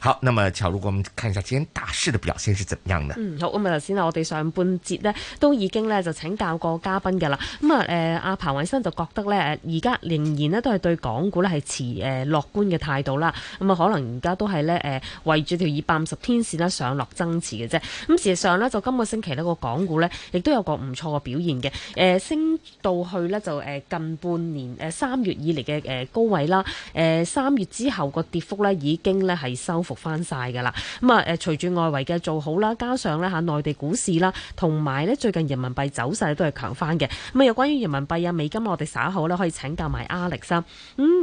好，那麼巧，如果我們看一下今天大市的表現是怎樣的。嗯，好，咁啊，頭先我哋上半節呢，都已經呢就請教過嘉賓嘅啦。咁、嗯、啊，誒、呃，阿彭偉新就覺得呢，誒，而家仍然呢都係對港股呢係持誒、呃、樂觀嘅態度啦。咁、嗯、啊，可能而家都係呢，誒、呃，圍住條二百五十天綫呢上落增持嘅啫。咁、嗯、事實上呢，就今個星期呢個港股呢，亦都有個唔錯嘅表現嘅。誒、呃，升到去呢，就誒近半年誒三、呃、月以嚟嘅誒高位啦。誒、呃，三月之後個跌幅呢已經呢係收。復翻晒噶啦，咁啊誒，隨住外圍嘅做好啦，加上咧吓內地股市啦，同埋咧最近人民幣走勢都係強翻嘅。咁啊，有關於人民幣啊美金，我哋稍後咧可以請教埋 Alex。咁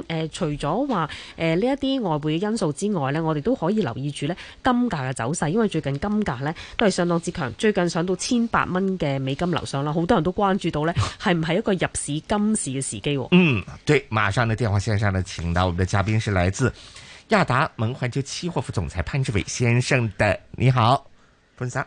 誒，除咗話誒呢一啲外匯嘅因素之外咧，我哋都可以留意住咧金價嘅走勢，因為最近金價咧都係相當之強，最近上到千八蚊嘅美金樓上啦，好多人都關注到咧係唔係一個入市金市嘅時機。嗯，對，馬上呢電話線上呢，請到我哋嘅嘉賓是來自。亞達盟環球期貨副總裁潘志偉先生的，你好，潘生，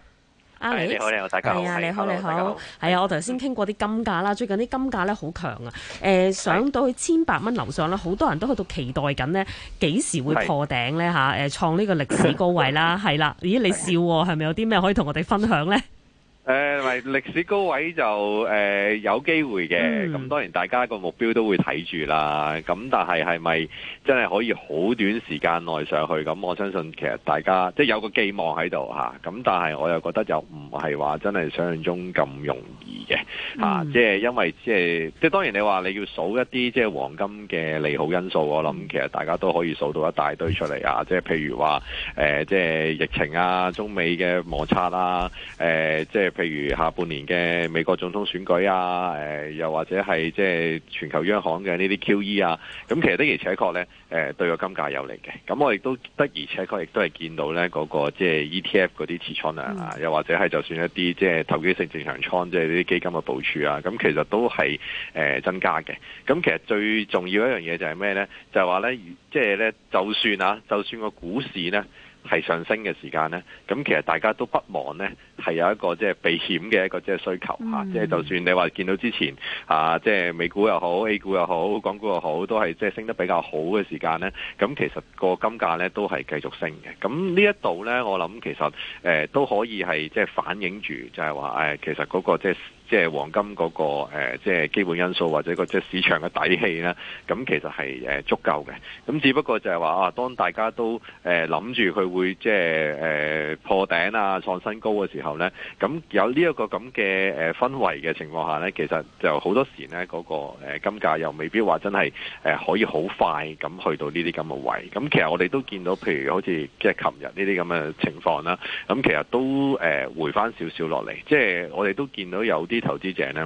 啊，你好你好，大家好啊，你好你好。係啊，我頭先傾過啲金價啦，最近啲金價咧好強啊，誒、呃、上到去千百蚊樓上啦，好多人都喺度期待緊呢，幾時會破頂咧吓？誒、啊呃、創呢個歷史高位啦，係 啦、啊，咦你笑係、哦、咪 有啲咩可以同我哋分享咧？誒、呃，係歷史高位就誒、呃、有機會嘅，咁當然大家個目標都會睇住啦。咁但係係咪真係可以好短時間內上去？咁我相信其實大家即係有個寄望喺度吓。咁、啊、但係我又覺得就唔係話真係想象中咁容易嘅吓、啊。即係因為即係即係當然你話你要數一啲即係黃金嘅利好因素，我諗其實大家都可以數到一大堆出嚟啊。即係譬如話誒、呃，即係疫情啊，中美嘅摩擦啦、啊、誒、呃，即係。譬如下半年嘅美國總統選舉啊，誒、呃、又或者係即係全球央行嘅呢啲 QE 啊，咁其實的而且確咧，誒、呃、對個金價有利嘅。咁我亦都的而且確亦都係見到咧嗰、那個即係 ETF 嗰啲持倉量啊，又或者係就算一啲即係投機性正常倉，即係呢啲基金嘅部署啊，咁其實都係誒、呃、增加嘅。咁其實最重要的一樣嘢就係咩咧？就係話咧，即係咧，就算啊，就算個股市咧，係上升嘅時間呢，咁其實大家都不忘呢，係有一個即係避險嘅一個即係需求即係、嗯即係、就算你話見到之前啊，即係美股又好、A 股又好、港股又好，都係即係升得比較好嘅時間呢，咁其實個金價呢都係繼續升嘅，咁呢一度呢，我諗其實誒、呃、都可以係即係反映住就係話、哎、其實嗰個即係。即係黃金嗰個即係基本因素或者個即係市場嘅底氣呢，咁其實係誒足夠嘅。咁只不過就係話啊，當大家都誒諗住佢會即係誒破頂啊、創新高嘅時候呢，咁有呢一個咁嘅誒氛圍嘅情況下呢，其實就好多時呢，嗰個金價又未必話真係誒可以好快咁去到呢啲咁嘅位。咁其實我哋都見到，譬如好似即係琴日呢啲咁嘅情況啦。咁其實都誒回翻少少落嚟。即係我哋都見到有啲。投資者咧。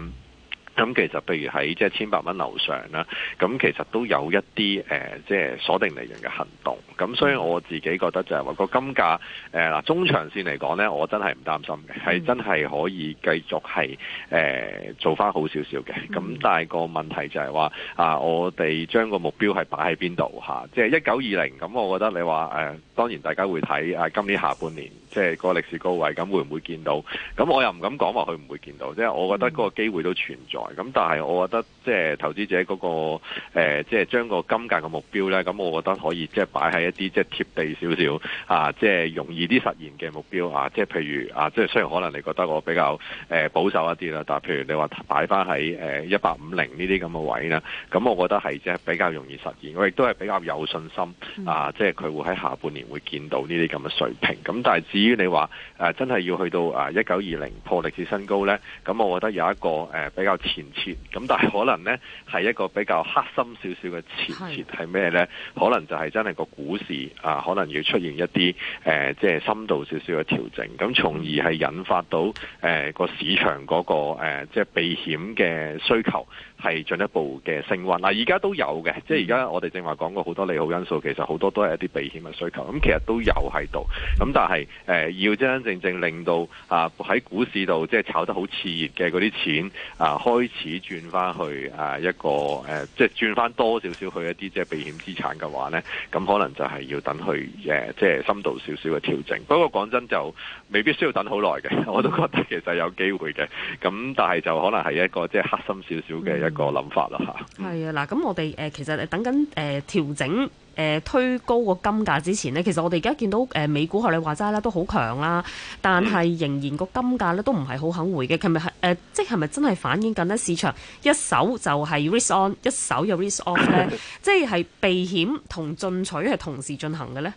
咁其實比，譬如喺即係千八蚊樓上啦，咁其實都有一啲即係鎖定利潤嘅行動。咁所以我自己覺得就係話，個金價誒嗱、呃，中長線嚟講呢，我真係唔擔心嘅，係、嗯、真係可以繼續係誒、呃、做翻好少少嘅。咁但係個問題就係話啊，我哋將個目標係擺喺邊度嚇？即係一九二零咁，就是、1920，我覺得你話誒、呃，當然大家會睇啊，今年下半年即係、就是、個歷史高位，咁會唔會見到？咁我又唔敢講話佢唔會見到，即、就、係、是、我覺得嗰個機會都存在。嗯嗯。咁但係，我覺得即係投資者嗰個誒，即係將個金價嘅目標呢，咁我覺得可以即係擺喺一啲即係貼地少少啊，即係容易啲實現嘅目標啊，即係譬如啊，即係雖然可能你覺得我比較誒保守一啲啦，但係譬如你話擺翻喺誒一八五零呢啲咁嘅位啦，咁我覺得係即係比較容易實現，我亦都係比較有信心啊，即係佢會喺下半年會見到呢啲咁嘅水平。咁但係至於你話誒真係要去到啊一九二零破歷史新高呢，咁我覺得有一個誒比較前設咁，但係可能呢係一個比較黑心少少嘅前設係咩呢？可能就係真係個股市啊，可能要出現一啲誒，即係深度少少嘅調整，咁從而係引發到誒個市場嗰個誒即係避險嘅需求。係進一步嘅升溫嗱，而家都有嘅，即係而家我哋正話講過好多利好因素，其實好多都係一啲避險嘅需求，咁其實都有喺度，咁但係要真真正正令到啊喺股市度即係炒得好熾熱嘅嗰啲錢啊開始轉翻去啊一個即係轉翻多少少去一啲即係避險資產嘅話呢。咁可能就係要等去即係深度少少嘅調整。不過講真就未必需要等好耐嘅，我都覺得其實有機會嘅，咁但係就可能係一個即係黑心少少嘅一。嗰個諗法啦嚇，係啊嗱，咁我哋誒其實等緊誒調整誒、呃、推高個金價之前呢，其實我哋而家見到誒美股學你話齋啦，都好強啦，但係仍然個金價咧都唔係好肯回嘅。係咪係誒？即係咪真係反映緊呢市場一手就係 risk on，一手又 risk off 咧？ 即係係避險同進取係同時進行嘅咧？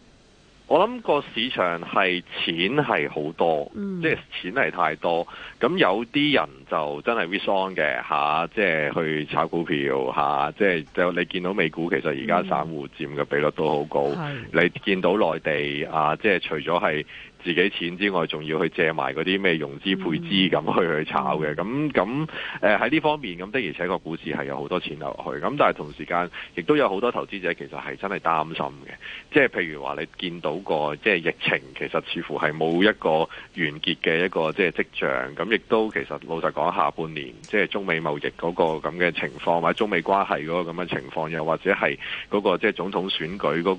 我諗個市場係錢係好多，即、嗯、係、就是、錢係太多，咁有啲人就真係 w e s o n g 嘅吓，即、啊、係、就是、去炒股票吓，即、啊、係、就是、就你見到美股其實而家散戶占嘅比率都好高、嗯，你見到內地啊，即、就、係、是、除咗係。自己錢之外，仲要去借埋嗰啲咩融資配資咁去去炒嘅，咁咁誒喺呢方面咁的，而且個股市係有好多錢落去，咁但係同時間亦都有好多投資者其實係真係擔心嘅，即係譬如話你見到個即係疫情其實似乎係冇一個完結嘅一個即係跡象，咁亦都其實老實講下半年即係中美貿易嗰個咁嘅情況或者中美關係嗰個咁嘅情況又或者係嗰個即係總統選舉嗰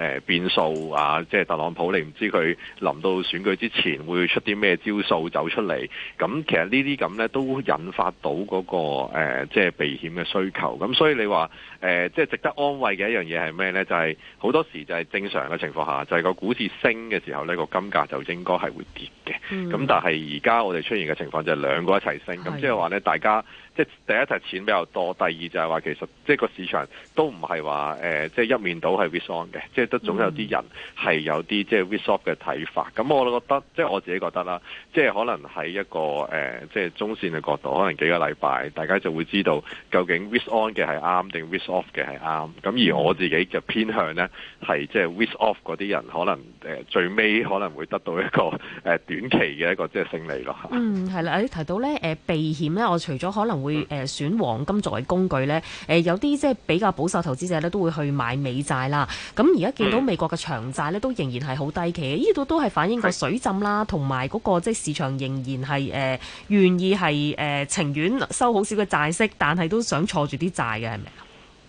個誒變數啊，即係特朗普你唔知佢臨。到選舉之前會出啲咩招數走出嚟？咁其實呢啲咁呢都引發到嗰、那個誒，即、呃、係、就是、避險嘅需求。咁所以你話誒，即、呃、係、就是、值得安慰嘅一樣嘢係咩呢？就係、是、好多時就係正常嘅情況下，就係、是、個股市升嘅時候呢，個金價就應該係會跌嘅。咁、嗯、但係而家我哋出現嘅情況就係兩個一齊升，咁即係話呢，大家。即係第一就係錢比較多，第二就係話其實即係個市場都唔係話誒，即、呃、係、就是、一面倒係 risk on 嘅，即係都總是有啲人係有啲即係 risk off 嘅睇法。咁、嗯嗯、我覺得即係、就是、我自己覺得啦，即、就、係、是、可能喺一個誒，即、呃、係、就是、中線嘅角度，可能幾個禮拜大家就會知道究竟 risk on 嘅係啱定 risk off 嘅係啱。咁而我自己嘅偏向呢，係即係 risk off 嗰啲人，可能、呃、最尾可能會得到一個、呃、短期嘅一個即係、就是、勝利咯。嗯，係啦，你提到呢、呃、避險呢，我除咗可能會誒選黃金作為工具呢。誒有啲即係比較保守投資者呢都會去買美債啦。咁而家見到美國嘅長債呢都仍然係好低企，呢度都係反映個水浸啦，同埋嗰個即係市場仍然係誒願意係誒、呃、情願收好少嘅債息，但係都想坐住啲債嘅係咪？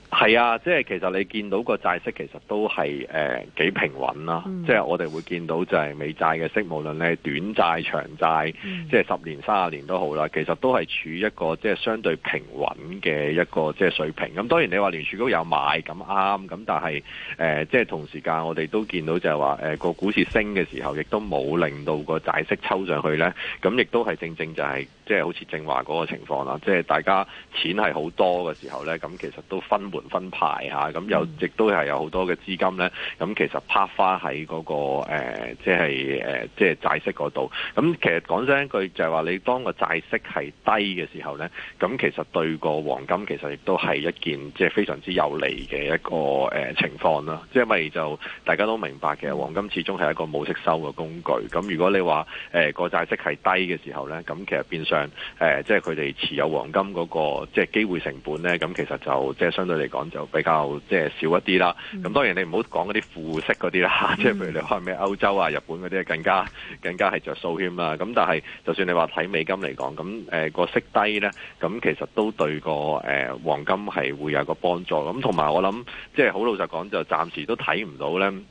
係啊，即係其實你見到個債息其實都係誒、呃、幾平穩啦。嗯、即係我哋會見到就係美債嘅息，無論你係短債、長債，嗯、即係十年、三十年都好啦，其實都係處一個即係相對平穩嘅一個即係水平。咁當然你話聯儲局有買咁啱，咁但係誒、呃、即係同時間我哋都見到就係話誒個股市升嘅時候，亦都冇令到個債息抽上去咧。咁亦都係正正就係、是、即係好似正話嗰個情況啦。即係大家錢係好多嘅時候咧，咁其實都分。嗯、分派吓、啊，咁有亦都係有好多嘅資金咧。咁其實拋花喺嗰、那個誒，即係誒即係債息嗰度。咁、就是呃就是呃、其實講真一句，就係話，你當個債息係低嘅時候咧，咁其實對個黃金其實亦都係一件即係非常之有利嘅一個誒情況啦。即係咪就大家都明白其實黃金始終係一個冇息收嘅工具。咁如果你話誒個債息係低嘅時候咧，咁其實變相誒即係佢哋持有黃金嗰、那個即係機會成本咧，咁其實就即係、就是、相對嚟。嚟講就比較即係少一啲啦。咁、嗯、當然你唔好講嗰啲負息嗰啲啦，即係譬如你開咩歐洲啊、日本嗰啲，更加更加係着數㗎啦。咁但係就算你話睇美金嚟講，咁、那、誒個息低呢，咁其實都對個誒、呃、黃金係會有個幫助。咁同埋我諗，即係好老實講，就暫時都睇唔到呢。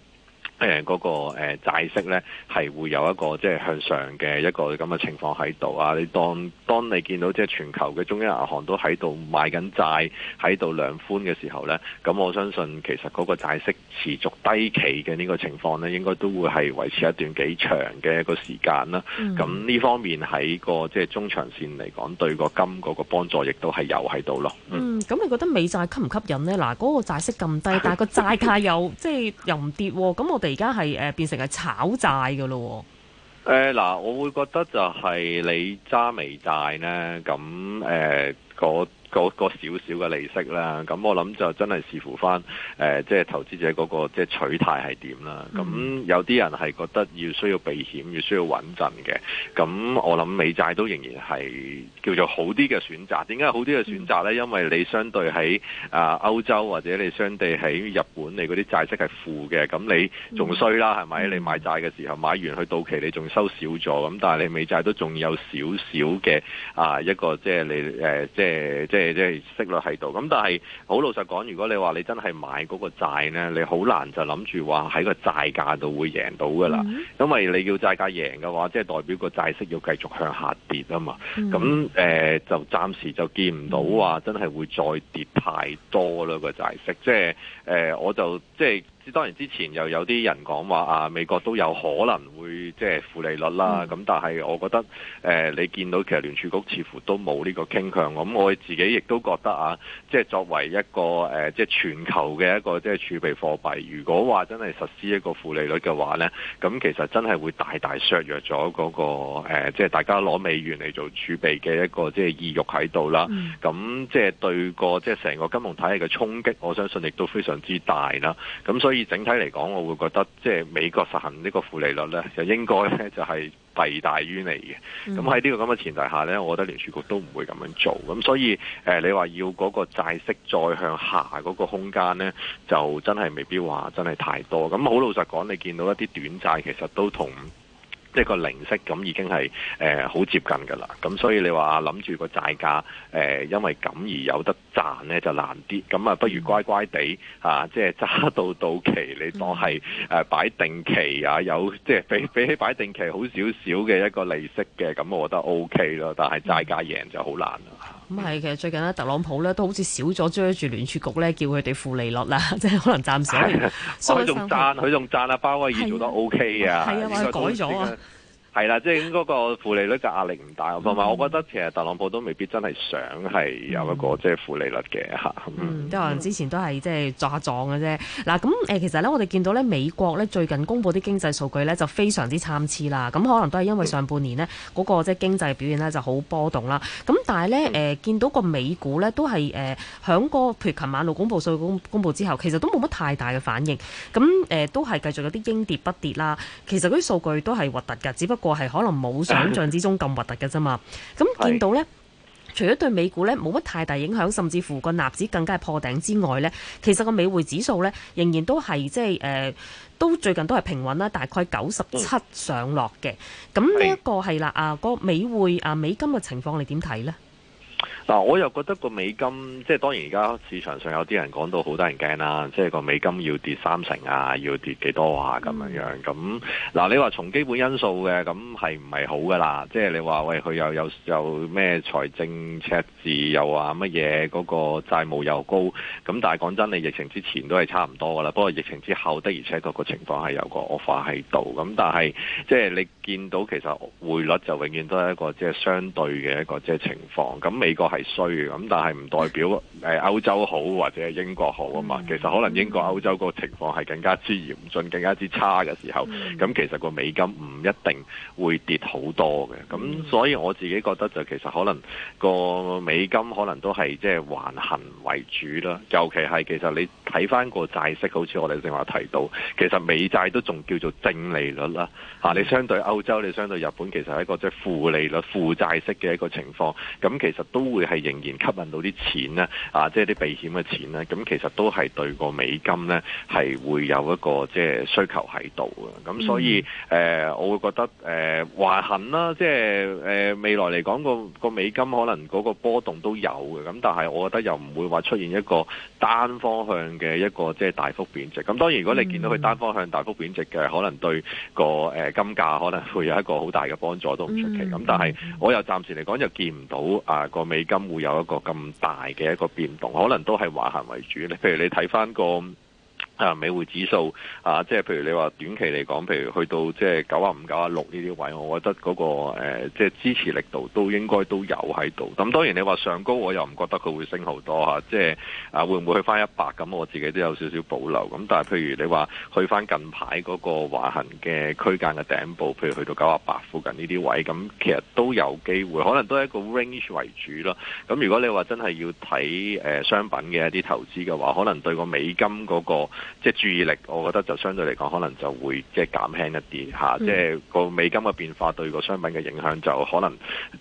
誒、那、嗰個誒債息咧，係會有一個即係向上嘅一個咁嘅情況喺度啊！你當當你見到即係全球嘅中央銀行都喺度買緊債，喺度量寬嘅時候咧，咁我相信其實嗰個債息持續低企嘅呢個情況咧，應該都會係維持一段幾長嘅一個時間啦。咁、嗯、呢方面喺個即係中長線嚟講，對個金嗰個幫助亦都係有喺度咯。嗯，咁、嗯、你覺得美債吸唔吸引咧？嗱，嗰個債息咁低，但係個債價又即係 又唔跌，啊，咁我哋。而家係變成係炒債嘅咯喎，嗱，我會覺得就係你揸微債呢。咁個個少少嘅利息啦，咁我諗就真係視乎翻、呃、即係投資者嗰個即係取態係點啦。咁、嗯、有啲人係覺得要需要避險，要需要穩陣嘅。咁我諗美債都仍然係叫做好啲嘅選擇。點解好啲嘅選擇呢、嗯？因為你相對喺啊歐洲或者你相對喺日本，你嗰啲債息係負嘅。咁你仲衰啦，係咪？你買債嘅時候買完去到期，你仲收少咗。咁但係你美債都仲有少少嘅啊一個、呃、一個即係你、呃即即係即係即係息率喺度，咁但係好老實講，如果你話你真係買嗰個債呢，你好難就諗住話喺個債價度會贏到㗎喇、嗯，因為你要債價贏嘅話，即係代表個債息要繼續向下跌啊嘛。咁、嗯、誒、嗯、就暫時就見唔到話、嗯啊、真係會再跌太多啦個債息，即係誒我就即係。當然之前又有啲人講話啊，美國都有可能會即係負利率啦。咁、嗯、但係我覺得誒，你見到其實聯儲局似乎都冇呢個傾向。咁我自己亦都覺得啊，即係作為一個誒，即係全球嘅一個即係儲備貨幣，如果話真係實施一個負利率嘅話呢，咁其實真係會大大削弱咗嗰個誒，即係大家攞美元嚟做儲備嘅一個即係意欲喺度啦。咁即係對個即係成個金融體系嘅衝擊，我相信亦都非常之大啦。咁所以。所以整體嚟講，我會覺得即係美國實行呢個負利率呢，就應該呢，就係弊大於利嘅。咁喺呢個咁嘅前提下呢，我覺得聯儲局都唔會咁樣做。咁所以誒、呃，你話要嗰個債息再向下嗰個空間呢，就真係未必話真係太多。咁好老實講，你見到一啲短債其實都同。即係個零息咁已經係誒好接近㗎啦，咁所以你話諗住個債價誒、呃，因為咁而有得賺咧就難啲，咁啊不如乖乖地嚇、啊，即係揸到到期，你當係誒、啊、擺定期啊，有即係比比起擺定期好少少嘅一個利息嘅，咁我覺得 OK 咯，但係債價贏就好難啦。.咁係，其實最近咧，特朗普咧都好似少咗追住聯儲局咧，叫佢哋負利率啦，即係可能暫時。佢、哎、仲讚，佢仲讚，讚啊，鮑威爾做得 OK 啊，係啊，佢改咗啊。係啦，即係嗰個負利率嘅壓力唔大，同、嗯、埋我覺得其實特朗普都未必真係想係有一個即係負利率嘅嚇。嗯，都、嗯、能、嗯、之前都係即係撞下撞嘅啫。嗱，咁、呃、其實呢，我哋見到呢，美國呢最近公布啲經濟數據呢就非常之參差啦。咁可能都係因為上半年呢嗰、嗯那個即係經濟表現呢就好波動啦。咁但係呢、嗯呃，見到個美股呢都係誒響個譬如琴晚勞工部數據公布之後，其實都冇乜太大嘅反應。咁誒、呃、都係繼續有啲應跌不跌啦。其實嗰啲數據都係核突㗎，只不個係可能冇想象之中咁核突嘅啫嘛，咁見到呢，除咗對美股呢冇乜太大影響，甚至乎個納指更加破頂之外呢，其實個美匯指數呢仍然都係即係誒，都最近都係平穩啦，大概九十七上落嘅。咁呢一個係啦啊，個美匯啊美金嘅情況，你點睇呢？嗱，我又覺得個美金，即係當然而家市場上有啲人講到好多人驚啦，即係個美金要跌三成啊，要跌幾多啊咁樣樣。咁、嗯、嗱，你話從基本因素嘅，咁係唔係好噶啦？即、嗯、係你話喂，佢又有有咩財政赤字，又話乜嘢嗰個債務又高，咁但係講真，你疫情之前都係差唔多噶啦。不過疫情之後的而且確個情況係有個惡化喺度。咁但係即係你見到其實匯率就永遠都係一個即係、就是、相對嘅一個即係、就是、情況。咁美呢個係衰嘅，咁但係唔代表誒歐洲好或者係英國好啊嘛、嗯。其實可能英國、歐洲個情況係更加之嚴峻、更加之差嘅時候，咁、嗯、其實個美金唔一定會跌好多嘅。咁、嗯、所以我自己覺得就其實可能個美金可能都係即係橫行為主啦。尤其係其實你睇翻個債息好似我哋正話提到，其實美債都仲叫做正利率啦。吓，你相對歐洲，你相對日本，其實係一個即係負利率、負債息嘅一個情況。咁其實都。都會係仍然吸引到啲錢呢啊，即係啲避險嘅錢呢，咁其實都係對個美金呢係會有一個即係、就是、需求喺度嘅。咁所以誒、嗯呃，我會覺得誒、呃、還行啦，即、就、係、是呃、未來嚟講個個美金可能嗰個波動都有嘅，咁但係我覺得又唔會話出現一個單方向嘅一個即係、就是、大幅貶值，咁當然如果你見到佢單方向大幅貶值嘅，可能對個誒金價可能會有一個好大嘅幫助都唔出奇，咁、嗯、但係、嗯、我又暫時嚟講又見唔到啊。美金會有一個咁大嘅一個變動，可能都係橫行為主，你譬如你睇翻個。啊，美匯指數啊，即係譬如你話短期嚟講，譬如去到即係九啊五、九啊六呢啲位，我覺得嗰、嗰個、呃、即係支持力度都應該都有喺度。咁當然你話上高，我又唔覺得佢會升好多、啊、即係啊會唔會去返一百咁？我自己都有少少保留。咁但係譬如你話去返近排嗰個橫行嘅區間嘅頂部，譬如去到九啊八附近呢啲位，咁其實都有機會，可能都係一個 range 為主咯。咁如果你話真係要睇誒、呃、商品嘅一啲投資嘅話，可能對個美金嗰、嗰個。即係注意力，我覺得就相對嚟講，可能就會即係減輕一啲嚇、嗯。即係個美金嘅變化對個商品嘅影響，就可能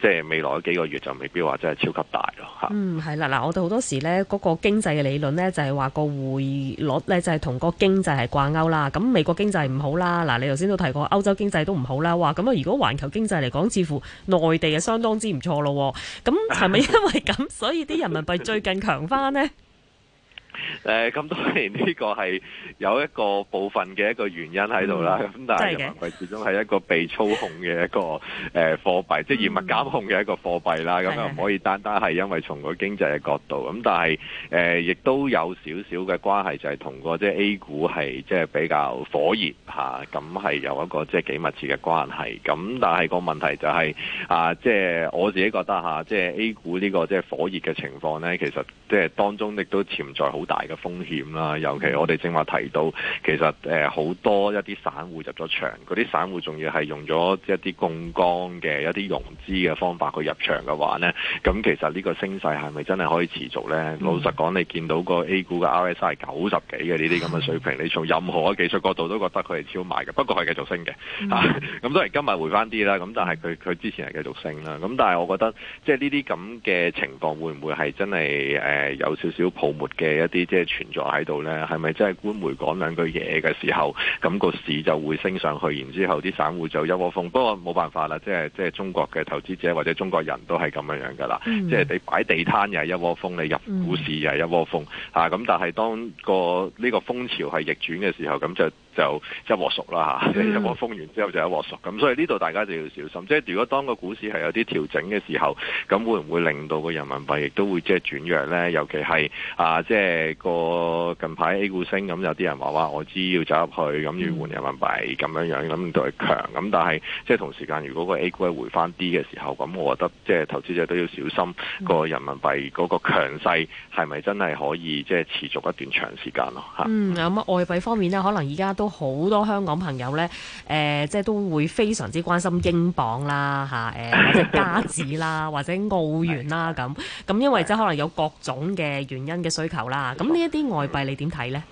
即係未來幾個月就未必話真係超級大咯嚇。嗯，係啦，嗱，我哋好多時咧嗰、嗰個經濟嘅理論咧就係、係、話個匯率咧就係同個經濟係掛鈎啦。咁美國經濟唔好啦，嗱，你頭先都提過歐洲經濟都唔好啦。哇，咁啊，如果環球經濟嚟講，似乎內地係相當之唔錯咯。咁係咪因為咁， 所以啲人民幣最近強翻呢？誒、呃，咁當然呢個係有一個部分嘅一個原因喺度啦。咁、嗯、但係人民幣始終係一個被操控嘅一個誒貨幣，即係嚴密監控嘅一個貨幣啦。咁啊唔可以單單係因為從個經濟嘅角度。咁但係誒亦都有少少嘅關係，就係同個即係 A 股係即係比較火熱吓，咁、啊、係有一個即係幾密切嘅關係。咁、啊、但係個問題就係、是、啊，即、就、係、是、我自己覺得吓，即、啊、係、就是、A 股個呢個即係火熱嘅情況呢，其實即係當中亦都潛在好。好大嘅風險啦，尤其我哋正話提到，其實誒好、呃、多一啲散戶入咗場，嗰啲散戶仲要係用咗一啲槓桿嘅一啲融資嘅方法去入場嘅話呢。咁其實呢個升勢係咪真係可以持續呢？嗯、老實講，你見到個 A 股嘅 RSI 九十幾嘅呢啲咁嘅水平，你從任何嘅技術角度都覺得佢係超賣嘅，不過係繼續升嘅嚇。咁、嗯啊、當然今日回翻啲啦，咁但係佢佢之前係繼續升啦。咁但係我覺得，即係呢啲咁嘅情況會唔會係真係誒、呃、有少少泡沫嘅一？啲即係存在喺度呢，係咪真係官媒講兩句嘢嘅時候，咁個市就會升上去，然之後啲散戶就一窩蜂。不過冇辦法啦，即係即係中國嘅投資者或者中國人都係咁樣樣噶啦。即、mm. 係你擺地攤又係一窩蜂，你入股市又係一窩蜂嚇。咁、mm. 啊、但係當個呢個風潮係逆轉嘅時候，咁就就一鑊熟啦嚇，mm. 一窩蜂完之後就一鑊熟。咁所以呢度大家就要小心。即係如果當個股市係有啲調整嘅時候，咁會唔會令到個人民幣亦都會即係轉弱呢？尤其係啊，即係。個近排 A 股升，咁有啲人話話我知要走入去，咁要換人民幣咁樣樣，咁都係強。咁但係即係同時間，如果個 A 股係回翻啲嘅時候，咁我覺得即係投資者都要小心個人民幣嗰個強勢係咪真係可以即係持續一段長時間咯？吓、嗯、咁、嗯嗯嗯嗯、外幣方面呢？可能而家都好多香港朋友呢，誒、呃，即係都會非常之關心英鎊啦，吓、啊，誒、呃，或者加紙啦， 或者澳元啦，咁，咁、嗯、因為即係可能有各種嘅原因嘅需求啦。咁呢一啲外幣你點睇呢？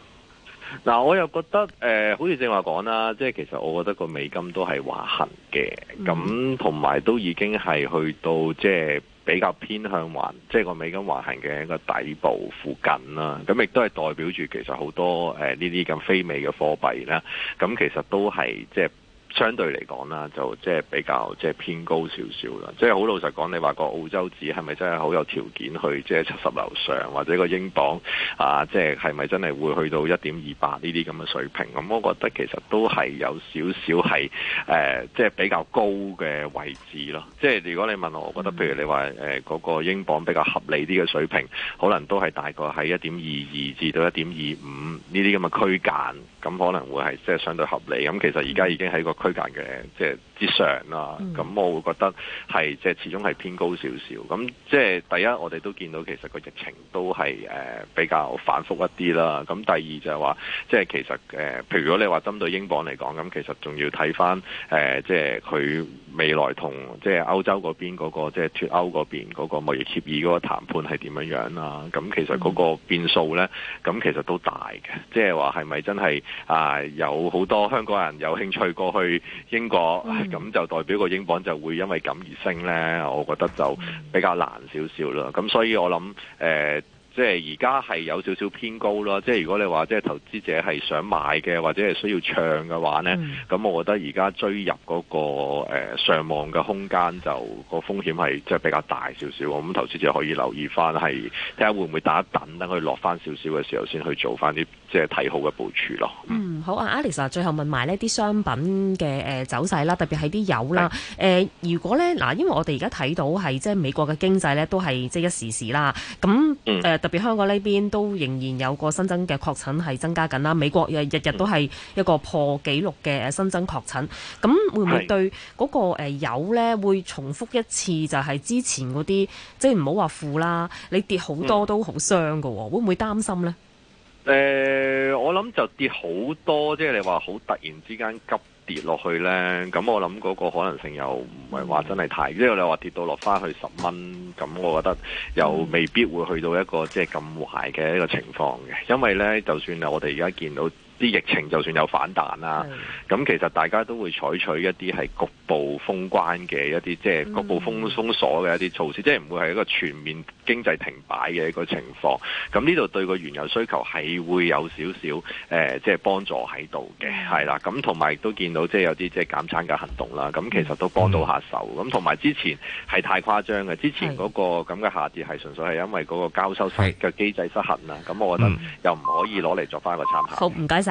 嗱、嗯嗯嗯，我又覺得、呃、好似正話講啦，即係其實我覺得個美金都係橫行嘅，咁同埋都已經係去到即係比較偏向橫，即係個美金橫行嘅一個底部附近啦。咁亦都係代表住其實好多、呃、呢啲咁非美嘅貨幣啦。咁其實都係即係。相對嚟講啦，就即係比較即係、即係、偏高少少啦。即係好老實講，你話個澳洲紙係咪真係好有條件去即係七十樓上，或者個英鎊啊，即係係咪真係會去到一點二八呢啲咁嘅水平？咁我覺得其實都係有少少係誒，即、呃、係、即係、比較高嘅位置咯。即、就、係、即係、如果你問我，我覺得譬如你話誒嗰個英鎊比較合理啲嘅水平，可能都係大概喺一點二二至到一點二五呢啲咁嘅區間，咁可能會係即係相對合理。咁其實而家已經喺個。區間嘅即係。就係之上啦，咁我會覺得係即係始終係偏高少少。咁即係第一，我哋都見到其實個疫情都係誒、呃、比較反覆一啲啦。咁第二就係話即係其實誒、呃、譬如如果你話針對英鎊嚟講，咁其實仲要睇翻，誒即係佢未來同即係歐洲嗰邊嗰、那個即係、就是、脫歐嗰邊嗰個貿易協議嗰個談判係點樣樣、啊、啦。咁其實嗰個變數咧，咁、嗯、其實都大嘅。即係話係咪真係啊、呃？有好多香港人有興趣過去英國。嗯咁就代表個英鎊就會因為咁而升呢，我覺得就比較難少少啦。咁所以我諗誒，即係而家係有少少偏高啦。即係如果你話即係投資者係想買嘅，或者係需要唱嘅話呢，咁，嗯，我覺得而家追入嗰個誒上望嘅空間就個風險係即係比較大少少。咁投資者可以留意翻，係睇下會唔會打等等佢落翻少少嘅時候先去做翻啲。即係睇好嘅部署咯、嗯。嗯，好啊，Alex，最後問埋呢啲商品嘅誒走勢啦，特別係啲油啦。誒、呃，如果咧嗱，因為我哋而家睇到係即係美國嘅經濟咧，都係即係一時時啦。咁誒、嗯呃，特別香港呢邊都仍然有個新增嘅確診係增加緊啦。美國又日日都係一個破紀錄嘅新增確診。咁、嗯、會唔會對嗰個油咧會重複一次？就係之前嗰啲即係唔好話負啦，你跌好多都好傷噶、嗯。會唔會擔心咧？誒、呃，我諗就跌好多，即係你話好突然之間急跌落去呢。咁我諗嗰個可能性又唔係話真係太，即係你話跌到落翻去十蚊，咁我覺得又未必會去到一個即係咁壞嘅一個情況嘅，因為呢，就算係，我哋而家見到。啲疫情就算有反彈啦，咁其實大家都會採取一啲係局部封關嘅一啲，即係局部封、嗯、封鎖嘅一啲措施，即係唔會係一個全面經濟停擺嘅一個情況，咁呢度對個原油需求係會有少少誒即係幫助喺度嘅，係啦。咁同埋亦都見到即係有啲即係減產嘅行動啦。咁其實都幫到下手。咁同埋之前係太誇張嘅，之前嗰個咁嘅下跌係純粹係因為嗰個交收嘅機制失衡啦，咁我覺得又唔可以攞嚟作翻一個參考。好，唔該曬。